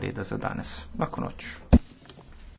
reda za danes. Lahko noč.